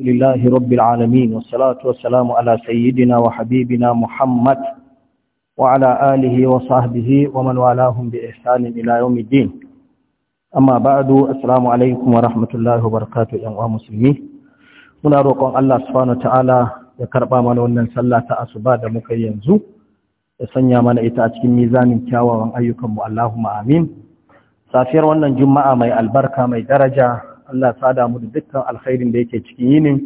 لله رب العالمين والصلاة والسلام على سيدنا وحبيبنا محمد وعلى آله وصحبه ومن والاهم بإحسان إلى يوم الدين أما بعد السلام عليكم ورحمة الله وبركاته يا مسلمين muna roƙon Allah subhanahu ta'ala ya karɓa mana wannan sallah ta asuba da muka yanzu ya sanya mana ita a cikin mizanin kyawawan mu Allahumma amin safiyar wannan juma'a mai albarka mai daraja Allah ya sada mu da dukkan alkhairin da yake cikin yinin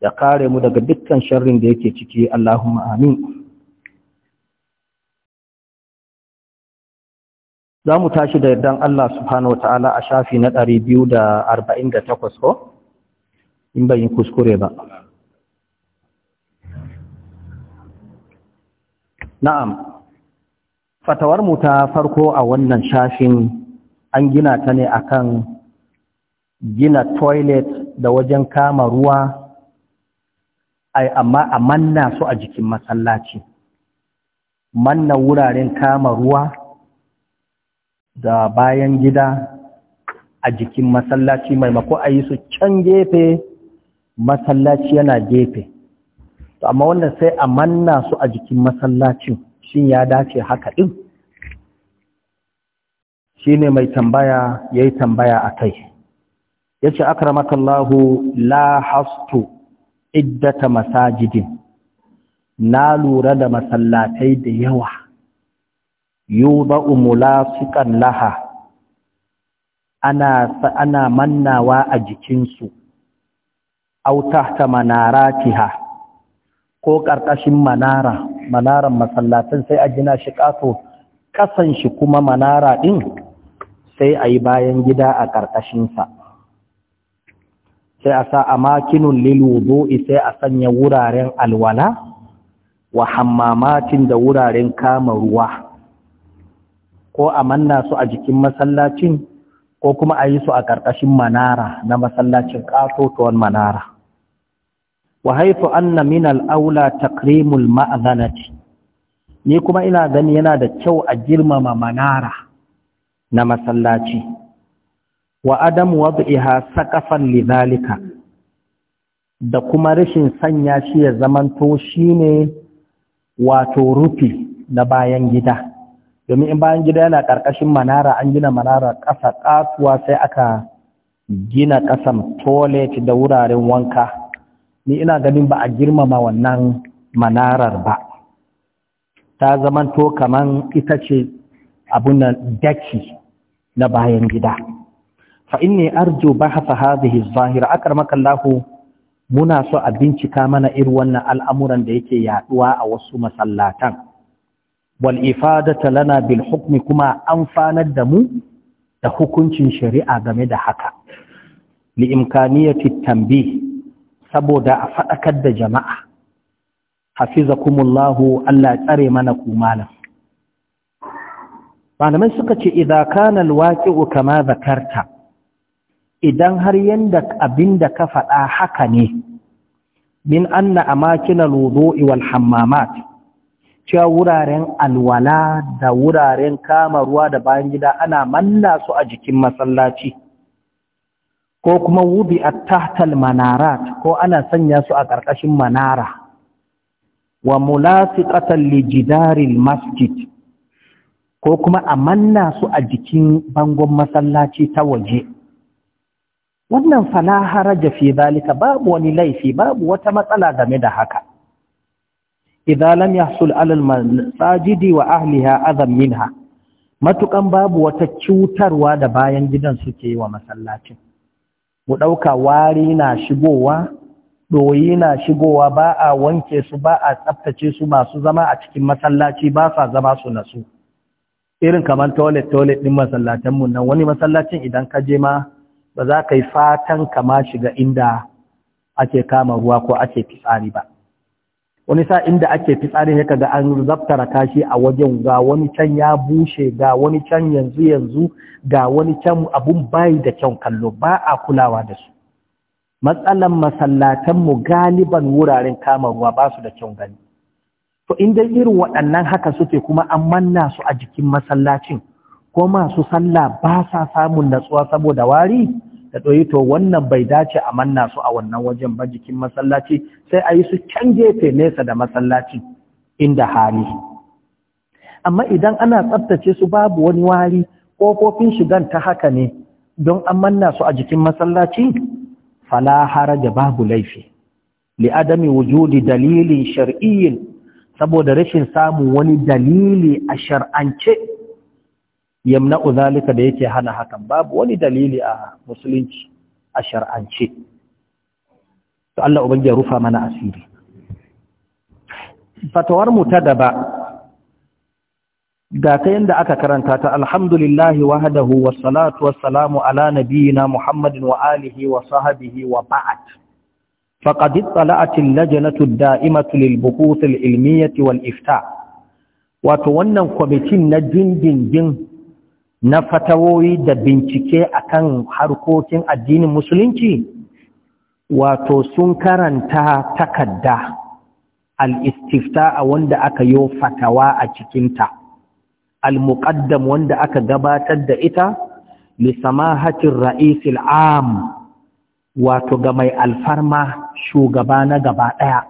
ya kare mu daga dukkan sharrin da yake ciki Allahumma amin za mu tashi da yardan Allah subhanahu ta'ala a shafi na 248 ko in bayin kuskure ba na'am fatawar mu ta farko a wannan shafin an gina ta ne akan gina toilet da wajen kama ruwa amma a manna su a jikin masallaci manna wuraren kama ruwa da bayan gida a jikin masallaci maimako a yi su can gefe masallaci yana gefe to amma wannan sai a manna su a jikin masallacin shin ya dace haka ɗin shi ne mai tambaya ya yi tambaya a kai yace akramakallahu la hastu iddata masajidin na lura da masallatai da yawa yuba umulasikan laha ana ana mannawa a jikinsu aw tahta manaratiha ko ƙarƙashin manara manaran masallatan sai a gina shi ƙato kasan shi kuma manara ɗin sai a yi bayan gida a ƙarƙashinsa sai a sa a lil wudu'i sai a sanya wuraren alwala wa hammamatin da wuraren kama ruwa ko a manna su a jikin masallacin ko kuma a yi su a ƙarƙashin manara na masallacin ƙasotowar manara wa haifu anna min al'aula takrimul ma’azanaci ni kuma ina gani yana da kyau a girmama manara na masallaci wa adam wad'iha saqafan lidhalika da kuma rashin sanya shi ya zamanto shine wato rufi na bayan gida domin in bayan gida yana karkashin manara an gina manara ƙasa ƙasuwa sai aka gina ƙasan toilet da wuraren wanka ni ina ganin ba a girmama wannan manarar ba ta zamanto kaman ita ce abun daki na bayan gida fa inni arju bahfa hadhihi az a akramaka Allah muna so a bincika mana iri wannan al'amuran da yake yaɗuwa a wasu masallatan wal ifadata lana bil hukmi kuma amfanar da mu da hukuncin shari'a game da haka li imkaniyati tanbih saboda a faɗakar da jama'a Hafiza hafizakumullahu Allah tsare mana ku malam malamai suka ce idza kana kama zakarta idan har yanda abin da ka faɗa haka ne min anna amakinal wudu'i iwal hammamat cewa wuraren alwala da wuraren kama ruwa da bayan gida ana manna su a jikin masallaci ko kuma wubi a tahtal manarat ko ana sanya su a ƙarƙashin manara wa mulasi li jidaril masjid ko kuma a manna su a jikin bangon masallaci ta waje wannan fala haraja fi zalika babu wani laifi babu wata matsala game da haka idza lam yahsul ala al-masajidi wa ahliha adam minha matukan babu wata cutarwa da bayan gidan suke yi wa masallacin mu dauka wari na shigowa doyi na shigowa ba a wanke su ba a tsaftace su masu zama a cikin masallaci ba sa zama su nasu irin kamar toilet toilet din masallatan mu nan wani masallacin idan ka je ma ba za ka yi fatan kama shiga inda ake kama ruwa ko ake fitsari ba wani sa inda ake fitsari ne kaga an zaftara kashi a wajen ga wani can ya bushe ga wani can yanzu yanzu ga wani can abun bayi da kyau kallo ba a kulawa da su matsalan masallatanmu galiban wuraren kama ruwa ba su da kyau gani to inda irin waɗannan haka suke kuma an manna su a jikin masallacin ko masu sallah ba sa samun natsuwa saboda wari da ɗoyi to wannan bai dace a manna su a wannan wajen ba jikin masallaci sai a yi su can gefe nesa da masallaci inda hali amma idan ana tsabtace su babu wani wari ƙofofin shigan ta haka ne don an manna su a jikin masallaci fala haraja babu laifi li adami wujudi dalilin shar'iyyin saboda rashin samun wani dalili a shar'ance yamna'u zalika da yake hana hakan babu wani dalili a musulunci a shar'ance to Allah ubangi ya rufa mana asiri fatawar mu ta gaba ga ta yanda aka karanta ta alhamdulillahi wahdahu wassalatu wassalamu ala nabiyyina muhammadin wa alihi wa sahbihi wa ba'd فقد اطلعت اللجنة الدائمة للبحوث العلمية ifta, wato wannan kwamitin na جن na fatawoyi da bincike akan harkokin addinin musulunci wato sun karanta takadda al'istifta a wanda aka yi fatawa a cikinta al-muqaddam wanda aka gabatar da ita li samahatir ra'isil am wato ga mai alfarma shugaba na gaba ɗaya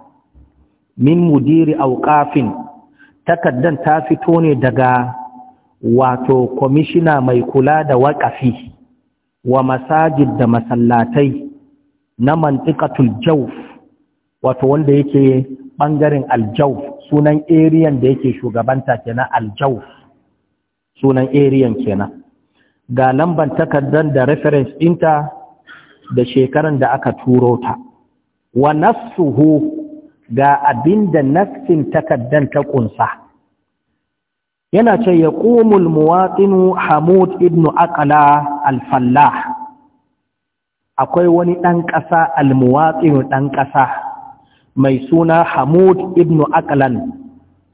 min mudiri auƙafin takaddan ta fito ne daga wato kwamishina mai kula da waƙafi wa masajid da masallatai na mantikatul jauf wato wanda yake ɓangaren aljauf sunan eriyan da yake shugabanta kenan aljauf sunan eriyan kenan ga lamban takardar da reference ɗinta da shekaran da aka turo ta wa nafsuhu ga abinda nafsin takardar ta kunsa. yana ce ya ƙumul muwaɗinu hamud ibn akala alfallah akwai wani ɗan ƙasa almuwaɗinu ɗan ƙasa mai suna hamud ibn akalan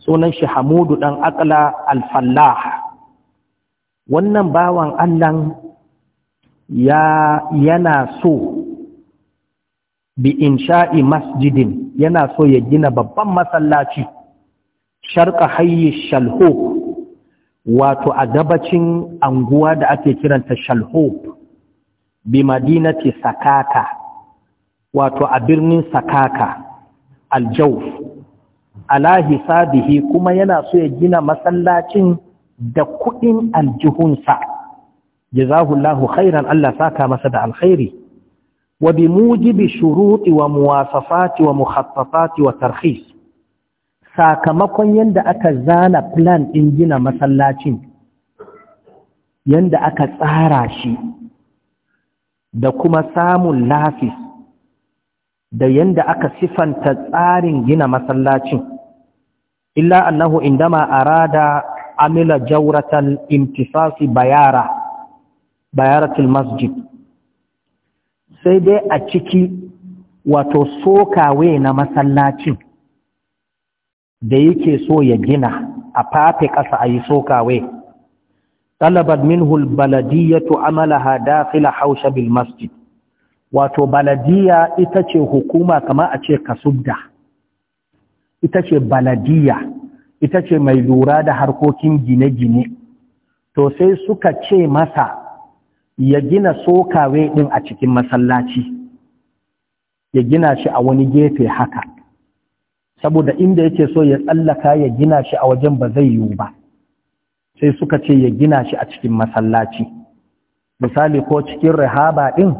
sunan shi hamudu ɗan akala alfallah wannan bawan allan ya yana so bi in sha'i masjidin yana so ya gina babban masallaci sharƙa hayyi shalho wato a gabacin anguwa da ake kiranta shalhob bi madinati sakaka wato a birnin sakaka aljauf ala hisabihi kuma yana so ya gina masallacin da kuɗin aljihunsa jazahullahu khairan Allah saka masa da alkhairi wa bi mujibi shuruti wa muwasafati wa mukhattafati wa tarhis sakamakon yadda aka zana plan ɗin gina masallacin yadda aka tsara shi da kuma samun lafis da yadda aka sifanta tsarin gina masallacin illa annahu indama arada amila jauratan imtisasi bayara bayaratul masjid sai dai a ciki wato sokawe na masallacin da yake so ya gina a fafe ƙasa a yi sokawe talabar minhul baladiyatu amalaha dafila hausha bil masjid wato baladiya ita ce hukuma kama a ce kasubda ita ce baladiya ita ce mai lura da harkokin gine-gine to sai suka ce masa ya gina sokawe ɗin a cikin masallaci ya gina shi a wani gefe haka saboda inda yake so ya tsallaka ya gina shi a wajen ba zai yiwu ba sai suka ce ya gina shi a cikin masallaci misali ko cikin rihaba din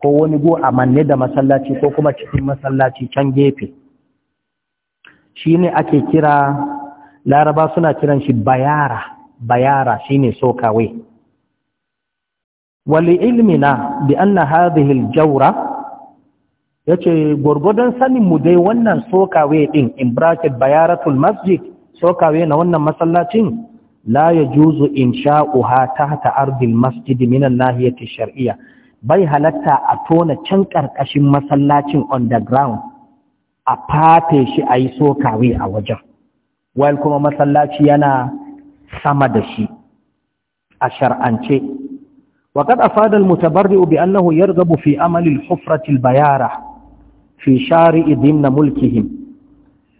ko wani go a manne da masallaci ko kuma cikin masallaci can gefe shi ne ake kira laraba suna kiran shi bayara bayara shi ne sokawai wali ilmina bi anna hadhihi al ya ce gwargwadon saninmu dai wannan sokawe ɗin in bracket bayaratul masjid sokawe na wannan masallacin la ya juzu in sha'uha ta hata ardin masjid minan nahiyati shari'a bai halatta a tona can ƙarƙashin masallacin underground a fata shi a yi sokawe a wajen wal kuma masallaci yana sama da shi a shar'ance وقد أفاد المتبرئ بأنه يرغب في أمل الحفرة البيارة fi idin na mulkihim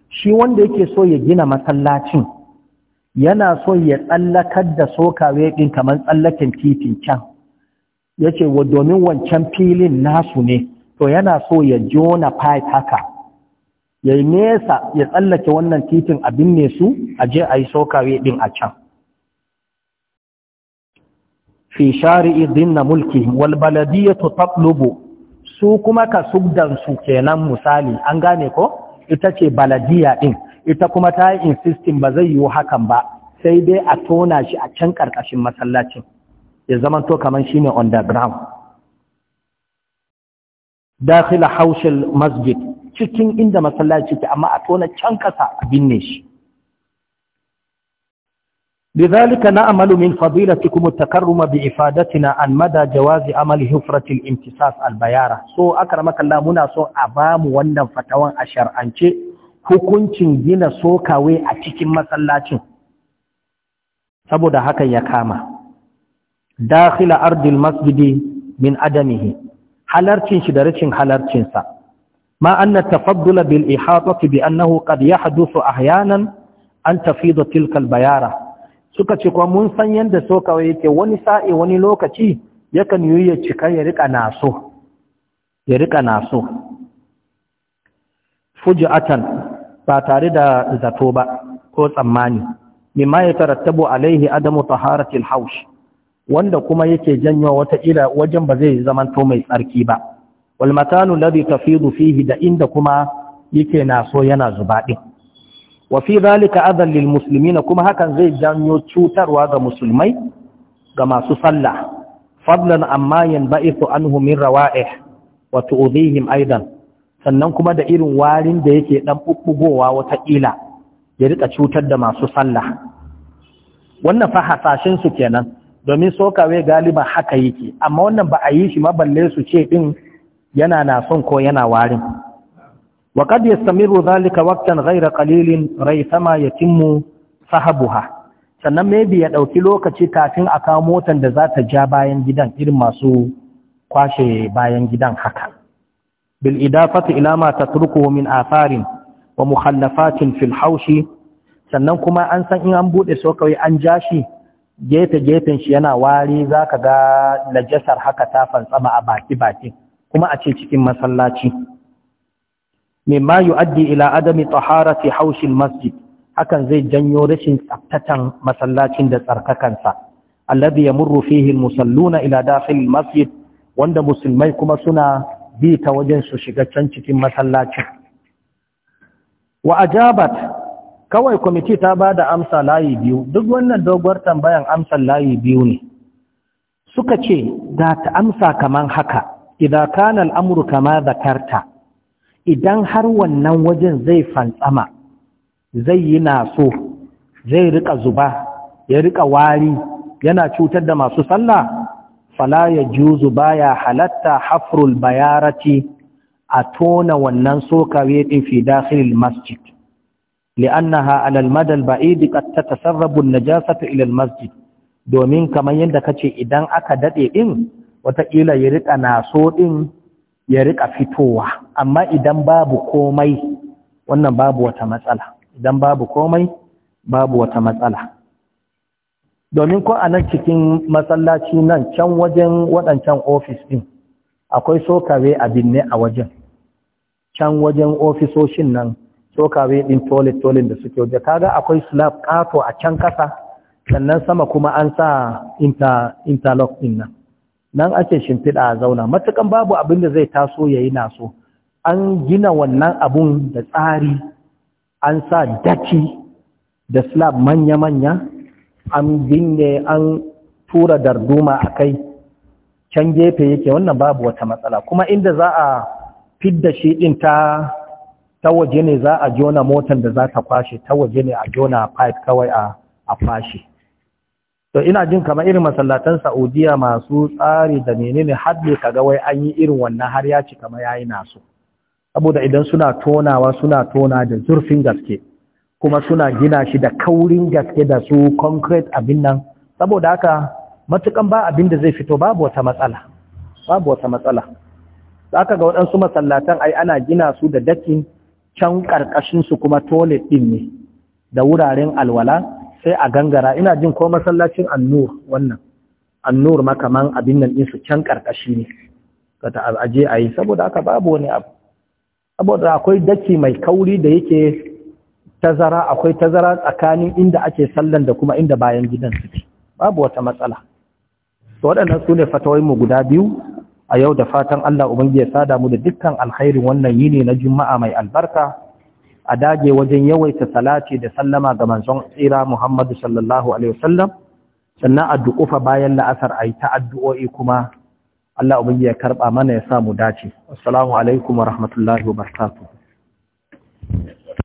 shi wanda yake so ya gina masallacin yana so ya tsallakar da sokawe ɗin kamar tsallaken titin can ya ce wa domin wancan filin nasu ne to yana so ya jona pipe haka ya yi nesa ya tsallake wannan titin a binne su a je a yi sokawe ɗin a can fi shari'i dinna mulki wal tatlubu su kuma ka su kenan misali an gane ko ita ce baladiya ɗin ita kuma ta yi insistin ba zai yiwu hakan ba sai dai a tona shi a can ƙarƙashin masallacin ya zama to kamar shi ne underground dakila haushin masjid cikin inda masallaci ke amma a tona can ƙasa a binne shi لذلك نأمل من فضيلتكم التكرم بإفادتنا عن مدى جواز عمل حفرة الامتصاص البيارة سو أكرمك الله منا سو أبام وانا فتوان a أنشي hukuncin gina sokawe a cikin masallacin saboda haka ya kama dakhila ardil masjidi min adamihi halarcin shi da rashin halarcinsa ma anna tafaddula bil ihatati bi annahu qad yahduthu ahyanan an tafida tilka bayara suka ce kuma mun san yadda so kawai yake wani sa'i wani lokaci yakan yi ya cika ya rika naso ya rika naso fuji'atan ba tare da zato ba ko tsammani mimma ya tarattabu alaihi adamu taharatil haush wanda kuma yake janyo wata ila wajen ba zai zamanto mai tsarki ba wal matanu ladhi tafidu fihi da inda kuma yake naso yana zuba din wa fi zalika adhan lil muslimina kuma hakan zai janyo cutarwa ga musulmai ga masu sallah fadlan amma yanba'ithu anhu min rawa'ih wa tu'dhihim aidan sannan kuma da irin warin da yake dan bubbugowa wata kila ya rika cutar da masu sallah wannan fa hasashin su kenan domin sokawe galiba haka yake amma wannan ba a yi shi ma balle su ce din yana na son ko yana warin wa qad yastamiru dhalika waqtan ghayra qalilin raithama yatimmu sahabuha sannan maybe ya ɗauki lokaci kafin a kawo motan da za ta ja bayan gidan irin masu kwashe bayan gidan haka bil idafati ila ma tatruku min atharin wa mukhallafatin fil haushi sannan kuma an san in an bude so kawai an ja shi gefe-gefen shi yana wari za ka ga najasar haka ta fantsama a baki-baki kuma a ce cikin masallaci mimma yu'addi ila adami taharati haushil masjid hakan zai janyo rashin tsaftatan masallacin da tsarkakansa alladhi yamurru fihi almusalluna ila dakhil masjid wanda musulmai kuma suna bi ta wajen su shiga can cikin masallacin wa ajabat kawai kwamiti ta ba da amsa layi biyu duk wannan doguwar tambayan amsar layi biyu ne suka ce da ta amsa kaman haka idan kana al'amuru kama zakarta idan har wannan wajen zai fantsama zai yi naso zai rika zuba ya rika wari yana cutar da masu sallah fala ya juzu baya halatta hafrul bayarati a tona wannan sokawe din fi dakhilil masjid li'annaha ala al-mada al-ba'id qad tatasarrabu an-najasatu ila al-masjid domin kamar yadda kace idan aka dade din wataƙila ya rika naso din ya rika fitowa amma idan babu komai wannan babu wata matsala idan babu komai babu wata matsala domin ko a nan cikin masallaci nan can wajen waɗancan ofis ɗin akwai sokawe a binne a wajen can wajen ofisoshin nan sokawe ɗin toilet toilet da suke waje kaga akwai slab kato a can kasa sannan sama kuma an sa interlock ɗin nan nan ake shimfiɗa a zauna matukan babu abin da zai taso ya yi naso an gina wannan abun da tsari an sa daki da slab manya-manya an binne an tura darduma a kai can gefe yake wannan babu wata matsala kuma inda za a fidda shi ɗin ta ta waje ne za a jona motar da za ta kwashe ta waje ne a jona pipe kawai a kwashe to ina jin kamar irin masallatan Saudiya masu tsari da menene hadde kaga wai an yi irin wannan har ya ci kamar yayi nasu saboda idan suna tonawa suna tona da zurfin gaske kuma suna gina shi da kaurin gaske da su concrete abin nan saboda haka matukan ba abin da zai fito babu wata matsala babu wata matsala zaka ga waɗansu masallatan ai ana gina su da dakin can karkashin su kuma toilet din ne da wuraren alwala sai a gangara ina jin ko masallacin annur wannan annur makaman abin nan su can karkashi ne ka ta aje a saboda aka babu wani abu saboda akwai daki mai kauri da yake tazara akwai tazara tsakanin inda ake sallan da kuma inda bayan gidan suke babu wata matsala to waɗannan su ne fatawai mu guda biyu a yau da fatan Allah ubangiji ya sada mu da dukkan alkhairin wannan yini na juma'a mai albarka a dage wajen yawaita salati da sallama ga manzon tsira Muhammadu sallallahu alaihi wasallam sannan a duƙufa bayan la'asar a yi ta addu'o'i kuma Allah ubangi ya karɓa mana ya samu dace assalamu alaikum wa rahmatullahi wa barakatuh